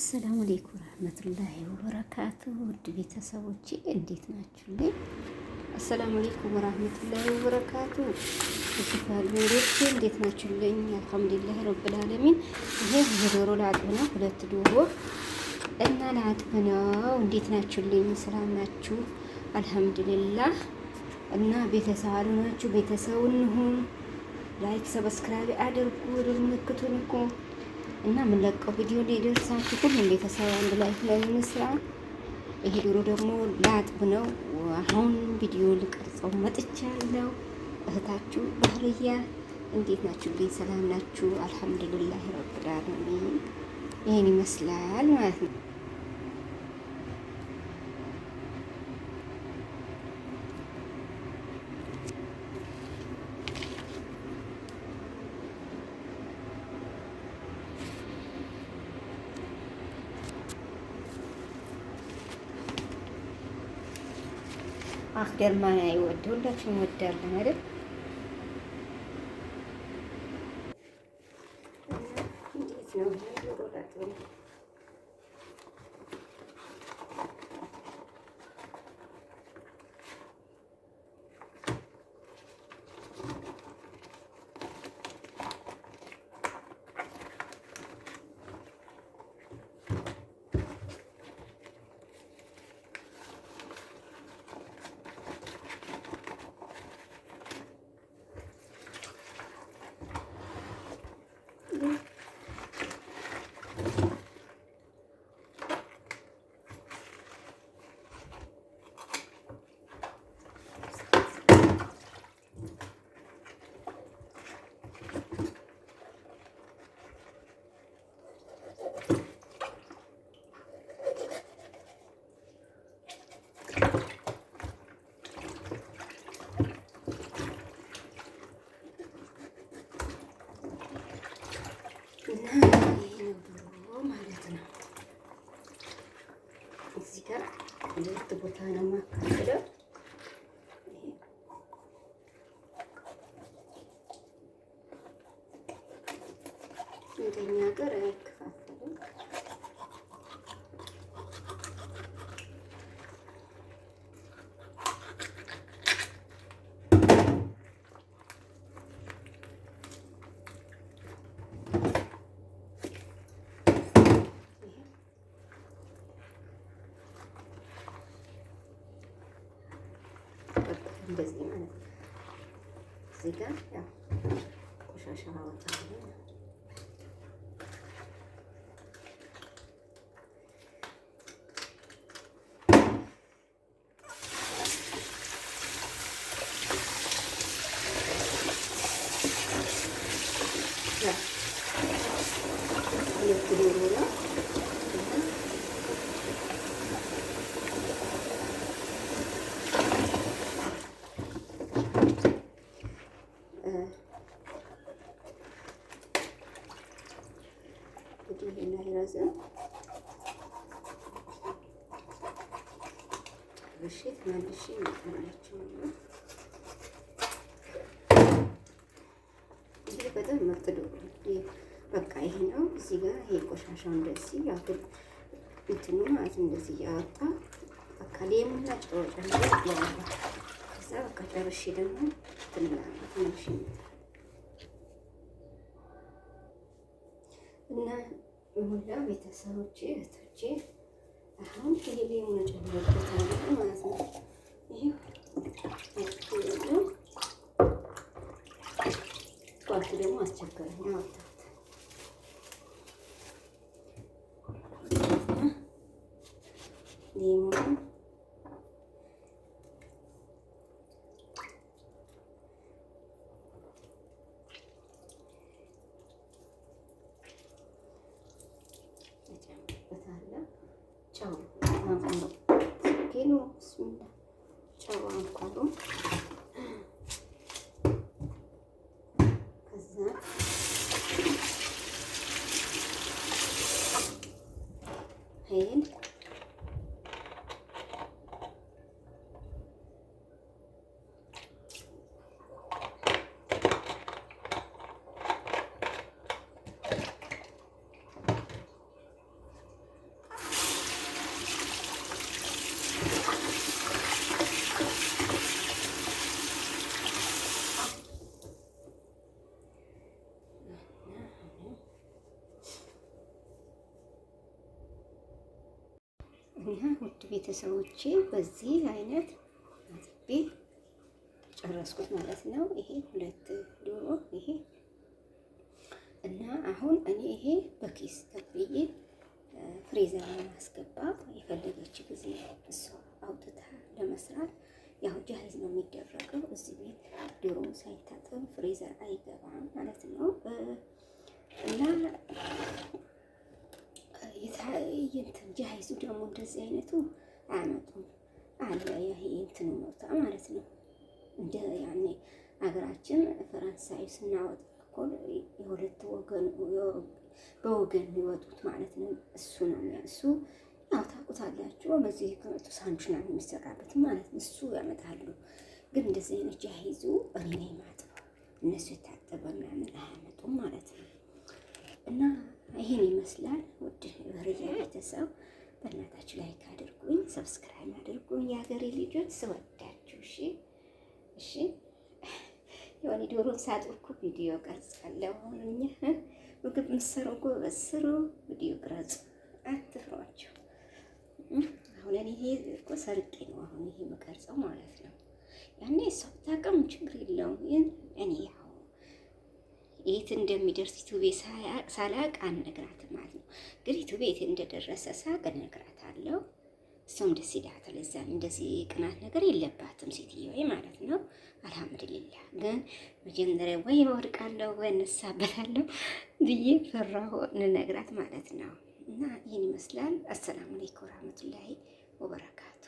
አሰላሙ አለይኩም ወራህመቱላሂ ወበረካቱሁ። ውድ ቤተሰቦች እንዴት ናችሁ? ላይ አሰላሙ ወራህመቱላሂ ወበረካቱሁ። ወበረካቱ ሽፋልቤሮች እንዴት ናችሁልኝ? አልሐምዱሊላህ ረብል ዓለሚን። ይሄ የዶሮ ለአጥብ ነው፣ ሁለት ዶሮ እና ለአጥብ ነው። እንዴት ናችሁልኝ? ሰላም ናችሁ? አልሐምዱሊላህ እና ቤተሰብ አሉ ናችሁ? ቤተሰብ ላይክ ሰብስክራይብ አድርጉ። ምልክቱን እኮ እና የምንለቀው ቪዲዮ ላይ ደርሳችሁ ሁሉም ቤተሰብ አንድ ላይ ለምንስራ። ይሄ ዶሮ ደግሞ ላጥብ ነው። አሁን ቪዲዮ ልቀርጸው መጥቻለሁ። እህታችሁ ባህርያ እንዴት ናችሁ? ግን ሰላም ናችሁ? አልሐምዱሊላህ ረብል ዓለሚን። ይሄን ይመስላል ማለት ነው። አክደር ማን አይወድ ሁላችንም እንወዳለን አይደል? እና ይህ ነበሩ ማለት ነው። እዚህ ጋር ሁለት ቦታ ነው የማካፍለው። እንደዚህ ማለት ነው። እዚህ ጋር ያው ቆሻሻ ማወጣለን። ያው ይሄን አልያዘም። እሺ ተመልሼ እመጣላችኋለሁ። እዚህ በጣም ምርጥ ዶሮ በቃ ይሄ ነው። እዚህ ጋር ይሄ ቆሻሻው እንደዚህ ያክል እንትኑ ማለት እንደዚህ ያወጣ በቃ ሌሙና ጨው ያለ ከዛ በቃ ጨርሼ ደግሞ ትንሽ እና ሙላ ቤተሰቦቼ እህቶቼ፣ አሁን ቅቤ ጨምርበታለሁ ማለት ነው። ይህ ቋቱ ደግሞ አስቸገረኝ። እና ውድ ቤተሰቦቼ በዚህ አይነት አጥቤ ጨረስኩት ማለት ነው። ይሄ ሁለት ዶሮ ይሄ እና አሁን እኔ ይሄ በኪስ ተፍዬ ፍሬዘር ለማስገባ የፈለገች ጊዜ እሱ አውጥታ ለመስራት ያው ጃህዝ ነው የሚደረገው። እዚህ ቤት ዶሮ ሳይታጠብ ፍሬዘር አይገ ደግሞ እንደዚህ አይነቱ አያመጡም አለ ይሄ እንትን ሞታ ማለት ነው። እንደ ያኔ አገራችን ፈረንሳይ ስናወጣ እኮ የሁለት ወገን በወገን የሚወጡት ማለት ነው። እሱ ነው እሱ ያው ታውቁታላችሁ። በዚህ ከመጡ ሳንዱና የሚሰራበት ማለት ነው። እሱ ያመጣሉ። ግን እንደዚህ አይነት ያይዙ እኔ ነኝ ማጥበው እነሱ የታጠበ ምናምን አያመጡም ማለት ነው። እና ይህን ይመስላል ውድ ህብር ቤተሰብ በእናታችሁ ላይክ አድርጉኝ፣ ሰብስክራይብ አድርጉኝ። የሀገሬ ልጆች ስወዳችሁ። እሺ፣ እሺ። የሆነ ዶሮ ሳጥርኩ ቪዲዮ ቀርጻለሁ። ሆኖኛ ምግብ ምሰሩ ጎበዝ ስሩ፣ ቪዲዮ ቅረጹ፣ አትፍሯቸው። አሁን እኔ ይሄ እኮ ሰርቄ ነው አሁን ይሄ የምቀርጸው ማለት ነው። ያኔ እሷ ብታውቅም ችግር የለውም። የት እንደሚደርስ ዩቱቤ ሳላቅ አልነግራት ማለት ነው። እንግዲህ ዩቱቤ የት እንደደረሰ ሳቅ አለው። እሱም ደስ ይላታል። እዛም እንደዚህ ቅናት ነገር የለባትም ሴትዮዋ ማለት ነው። አልሐምዱሊላ ግን መጀመሪያ ወይ እወድቃለሁ ወይ እነሳበታለሁ ብዬ ፈራሁ እንነግራት ማለት ነው። እና ይህን ይመስላል። አሰላሙ አለይኩም ወረህመቱላሂ ወበረካቱ